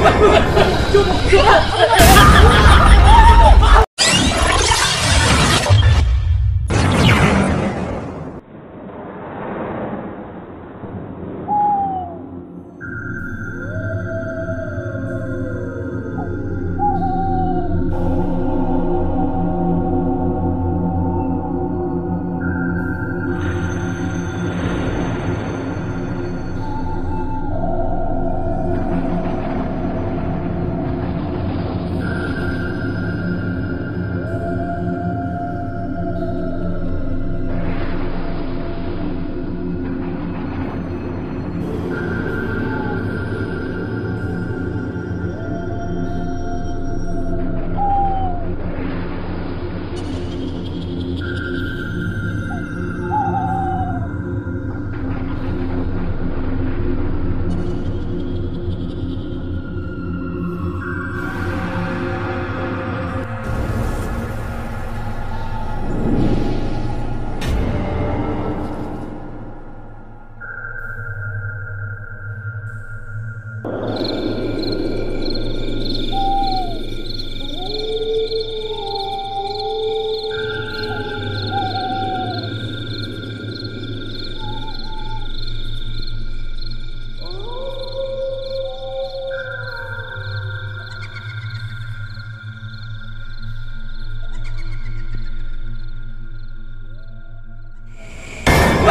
哈哈，哈